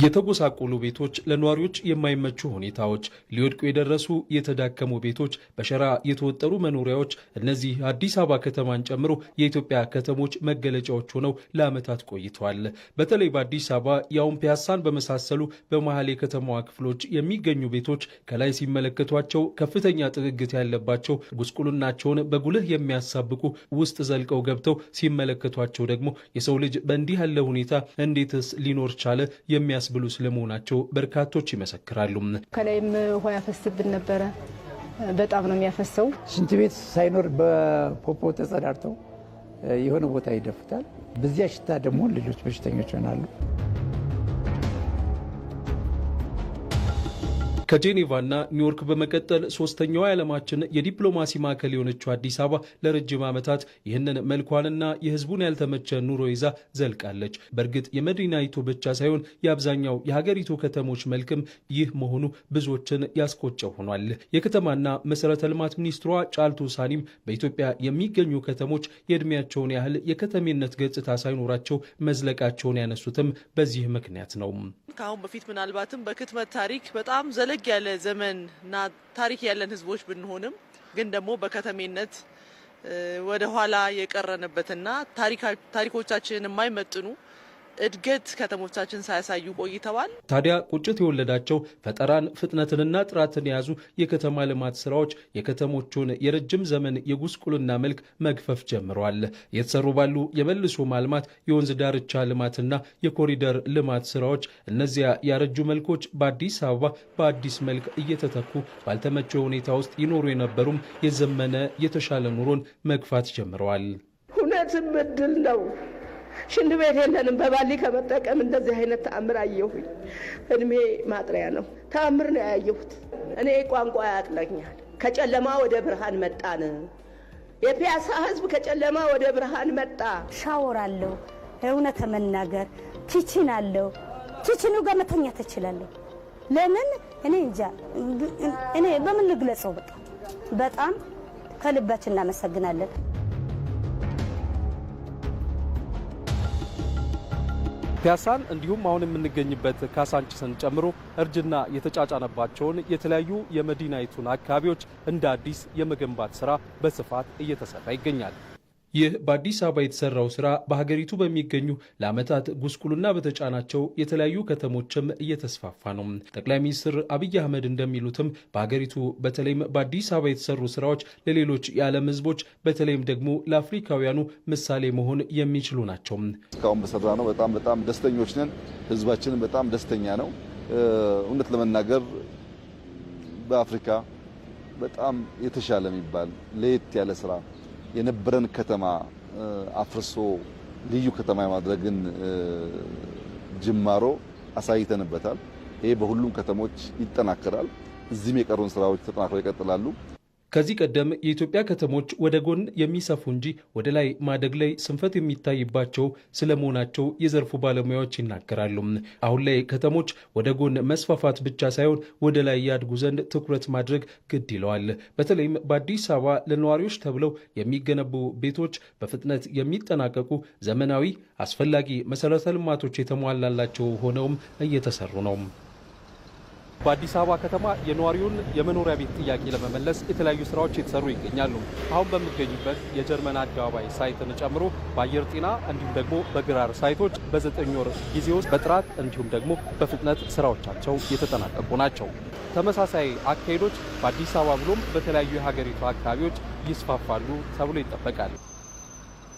የተጎሳቆሉ ቤቶች፣ ለነዋሪዎች የማይመቹ ሁኔታዎች፣ ሊወድቁ የደረሱ የተዳከሙ ቤቶች፣ በሸራ የተወጠሩ መኖሪያዎች፣ እነዚህ አዲስ አበባ ከተማን ጨምሮ የኢትዮጵያ ከተሞች መገለጫዎች ሆነው ለዓመታት ቆይተዋል። በተለይ በአዲስ አበባ የአሁን ፒያሳን በመሳሰሉ በመሀል የከተማዋ ክፍሎች የሚገኙ ቤቶች ከላይ ሲመለከቷቸው ከፍተኛ ጥግግት ያለባቸው፣ ጉስቁልናቸውን በጉልህ የሚያሳብቁ ውስጥ ዘልቀው ገብተው ሲመለከቷቸው ደግሞ የሰው ልጅ በእንዲህ ያለ ሁኔታ እንዴትስ ሊኖር ቻለ የሚያ የሚያስብሉ ስለመሆናቸው በርካቶች ይመሰክራሉ። ከላይም ውሃ ያፈስብን ነበረ። በጣም ነው የሚያፈሰው። ሽንት ቤት ሳይኖር በፖፖ ተጸዳርተው የሆነ ቦታ ይደፉታል። በዚያ ሽታ ደግሞ ሌሎች በሽተኞች ይሆናሉ። ከጄኔቫና ኒውዮርክ በመቀጠል ሶስተኛዋ የዓለማችን የዲፕሎማሲ ማዕከል የሆነችው አዲስ አበባ ለረጅም ዓመታት ይህንን መልኳንና የሕዝቡን ያልተመቸ ኑሮ ይዛ ዘልቃለች። በእርግጥ የመዲናይቱ ብቻ ሳይሆን የአብዛኛው የሀገሪቱ ከተሞች መልክም ይህ መሆኑ ብዙዎችን ያስቆጨ ሆኗል። የከተማና መሰረተ ልማት ሚኒስትሯ ጫልቱ ሳኒም በኢትዮጵያ የሚገኙ ከተሞች የእድሜያቸውን ያህል የከተሜነት ገጽታ ሳይኖራቸው መዝለቃቸውን ያነሱትም በዚህ ምክንያት ነው። ከአሁን በፊት ምናልባትም በክትመት ታሪክ በጣም ዘለ ፈገግ ያለ ዘመንና ታሪክ ያለን ህዝቦች ብንሆንም ግን ደግሞ በከተሜነት ወደ ኋላ የቀረንበትና ታሪኮቻችንን የማይመጥኑ እድገት ከተሞቻችን ሳያሳዩ ቆይተዋል። ታዲያ ቁጭት የወለዳቸው ፈጠራን ፍጥነትንና ጥራትን የያዙ የከተማ ልማት ስራዎች የከተሞቹን የረጅም ዘመን የጉስቁልና መልክ መግፈፍ ጀምረዋል። የተሰሩ ባሉ የመልሶ ማልማት፣ የወንዝ ዳርቻ ልማትና የኮሪደር ልማት ስራዎች እነዚያ ያረጁ መልኮች በአዲስ አበባ በአዲስ መልክ እየተተኩ ባልተመቸ ሁኔታ ውስጥ ይኖሩ የነበሩም የዘመነ የተሻለ ኑሮን መግፋት ጀምረዋል። እውነትም እድል ነው። ሽንት ቤት የለንም። በባሊ ከመጠቀም እንደዚህ አይነት ተአምር አየሁኝ። እድሜ ማጥሪያ ነው፣ ተአምር ነው ያየሁት። እኔ ቋንቋ ያቅለኛል። ከጨለማ ወደ ብርሃን መጣን። የፒያሳ ህዝብ ከጨለማ ወደ ብርሃን መጣ። ሻወር አለው፣ እውነት መናገር ኪችን አለው። ኪችኑ ጋር መተኛት እችላለሁ። ለምን እኔ እንጃ፣ እኔ በምን ልግለጸው? በጣም በጣም ከልባችን እናመሰግናለን። ፒያሳን እንዲሁም አሁን የምንገኝበት ካሳንችስን ጨምሮ እርጅና የተጫጫነባቸውን የተለያዩ የመዲናይቱን አካባቢዎች እንደ አዲስ የመገንባት ስራ በስፋት እየተሰራ ይገኛል። ይህ በአዲስ አበባ የተሰራው ስራ በሀገሪቱ በሚገኙ ለአመታት ጉስቁልና በተጫናቸው የተለያዩ ከተሞችም እየተስፋፋ ነው። ጠቅላይ ሚኒስትር አብይ አህመድ እንደሚሉትም በሀገሪቱ በተለይም በአዲስ አበባ የተሰሩ ስራዎች ለሌሎች የዓለም ህዝቦች በተለይም ደግሞ ለአፍሪካውያኑ ምሳሌ መሆን የሚችሉ ናቸው። እስካሁን በሰራ ነው በጣም በጣም ደስተኞች ነን። ሕዝባችንም በጣም ደስተኛ ነው። እውነት ለመናገር በአፍሪካ በጣም የተሻለ የሚባል ለየት ያለ ስራ የነበረን ከተማ አፍርሶ ልዩ ከተማ የማድረግን ጅማሮ አሳይተንበታል። ይሄ በሁሉም ከተሞች ይጠናከራል። እዚህም የቀሩን ስራዎች ተጠናክረው ይቀጥላሉ። ከዚህ ቀደም የኢትዮጵያ ከተሞች ወደ ጎን የሚሰፉ እንጂ ወደ ላይ ማደግ ላይ ስንፈት የሚታይባቸው ስለመሆናቸው የዘርፉ ባለሙያዎች ይናገራሉ። አሁን ላይ ከተሞች ወደ ጎን መስፋፋት ብቻ ሳይሆን ወደ ላይ ያድጉ ዘንድ ትኩረት ማድረግ ግድ ይለዋል። በተለይም በአዲስ አበባ ለነዋሪዎች ተብለው የሚገነቡ ቤቶች በፍጥነት የሚጠናቀቁ ዘመናዊ፣ አስፈላጊ መሰረተ ልማቶች የተሟላላቸው ሆነውም እየተሰሩ ነው። በአዲስ አበባ ከተማ የነዋሪውን የመኖሪያ ቤት ጥያቄ ለመመለስ የተለያዩ ስራዎች የተሰሩ ይገኛሉ። አሁን በምገኝበት የጀርመን አደባባይ ሳይትን ጨምሮ በአየር ጤና እንዲሁም ደግሞ በግራር ሳይቶች በዘጠኝ ወር ጊዜ ውስጥ በጥራት እንዲሁም ደግሞ በፍጥነት ስራዎቻቸው የተጠናቀቁ ናቸው። ተመሳሳይ አካሄዶች በአዲስ አበባ ብሎም በተለያዩ የሀገሪቱ አካባቢዎች ይስፋፋሉ ተብሎ ይጠበቃል።